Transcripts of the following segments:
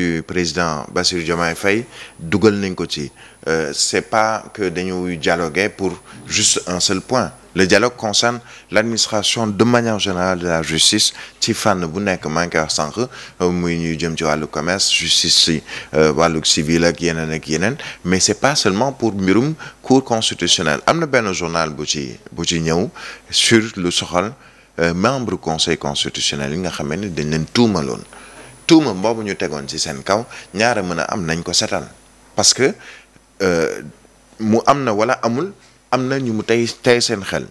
du président Bassirou Diomaye Faye dugal nañ ko ci euh, c'est pas que dañuy dialoguer pour juste un seul point le dialogue concerne l'administration de manière générale de la justice ci fànn bu nekk maa ngi koy wax sànq euh, muy ñuy jëm ci wàllu commerce justice si euh, wàllu civil ak yeneen ak yeneen mais c'est pas seulement pour mbirum cour constitutionnelle am na benn journal bu ci bu ci ñëw sur lu soxal membre conseil constitutionnel yi nga xam ne dañ leen tuumaloon tuuma boobu ñu tegoon ci seen kaw ñaara mën a am nañ ko setal parce que euh, mu am na wala amul am na ñu mu tey tey seen xel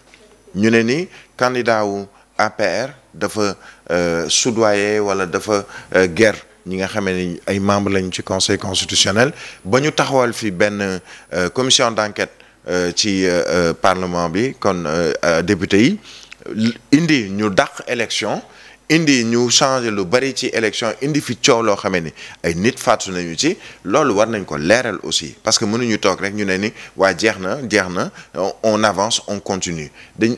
ñu ne ni candidat wu APR dafa euh, soudoyer wala dafa euh, guerre ñi nga xamee ni ay membre lañ ci conseil constitutionnel ba ñu taxawal fi benn commission d'enquête ci parlement bi kon député yi indi ñu dàq élection indi ñu changer lu bari ci élection indi fi coow loo xamee ni ay nit fàttu nañu ci loolu war nañ ko leeral aussi parce que mënuñu toog rek ñu ne ni waa jeex na jeex na on avance on continue dañ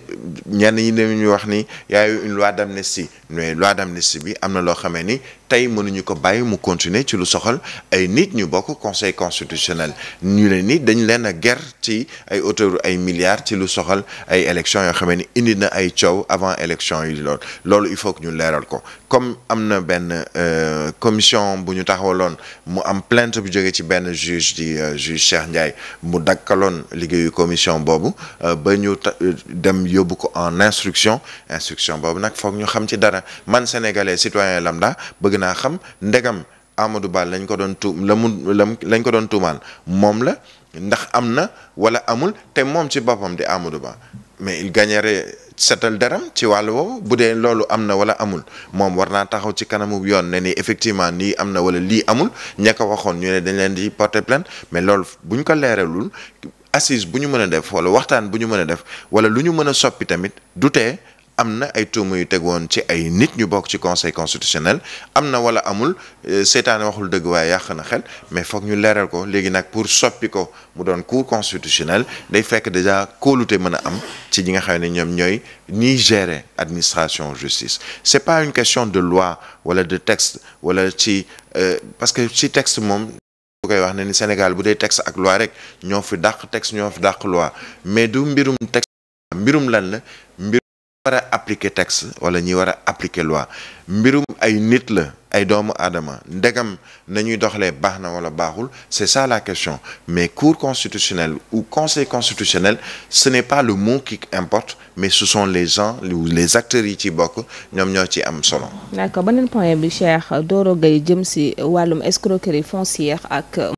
ñenn ñi dañuy wax ni y a eu une loi d'amnistie mais loi d'amnistie bi am na loo xamee ni tey mënuñu ko bàyyi mu continuer ci lu soxal ay nit ñu bokk conseil constitutionnel ñu leen ni dañ leen a ger ci ay auteur ay milliards ci lu soxal ay élections yoo xamee ni indi na ay coow avant élection yi lool loolu il faut ñu leeral ko comme am na benn euh, commission bu ñu taxawaloon mu am plainte bu jóge ci benn juge di euh, juge Cheikh Ndiaye mu dakkaloon liggéeyu commission boobu euh, ba ñu ta dem yóbbu ko en instruction instruction boobu nag foog ñu xam ci dara man sénégalais citoyen lambda naa xam ndegam Amadou Ba lañ ko doon tuum la mu lañ ko doon tuumaal moom la ndax am na wala amul te moom ci boppam di Amadou Ba mais il gagnerait setal daram ci wàllu woowu bu dee loolu am na wala amul moom war naa taxaw ci kanamu yoon ne ni effectivement lii am na wala lii amul ña waxoon ñu ne dañ leen di porter plainte mais loolu buñ ko leeralul assise bu ñu mën a def wala waxtaan bu ñu mën a def wala lu ñu mën a soppi tamit du am na ay tuuma yu teg woon ci ay nit ñu bokk ci conseil constitutionnel am na wala amul euh, seytaane waxul dëgg waaye yàq na xel mais foog ñu leeral ko léegi nag pour soppi ko mu doon cour constitutionnel day fekk déjà kóolute mën a am ci ñi nga xam ne ñoom ñooy ñiy gérer administration justice c'est pas une question de loi wala de texte wala ci euh, parce que ci texte moom bu koy wax ne ni Sénégal bu dee texte ak loi rek ñoo fi dàq texte ñoo fi dàq loi mais du mbirum texte lan la war a appliquer texte wala ñi war a appliquer loi mbirum ay nit la ay doomu aadama ndegam nañuy doxalee baax na wala baaxul c'est ça la question mais cour constitutionnelle ou conseil constitutionnel ce n'est pas le mot qui importe mais ce sont les gens ou les acteurs yi ci bokk ñoom ñoo ci am solo. si wàllum escroquerie foncière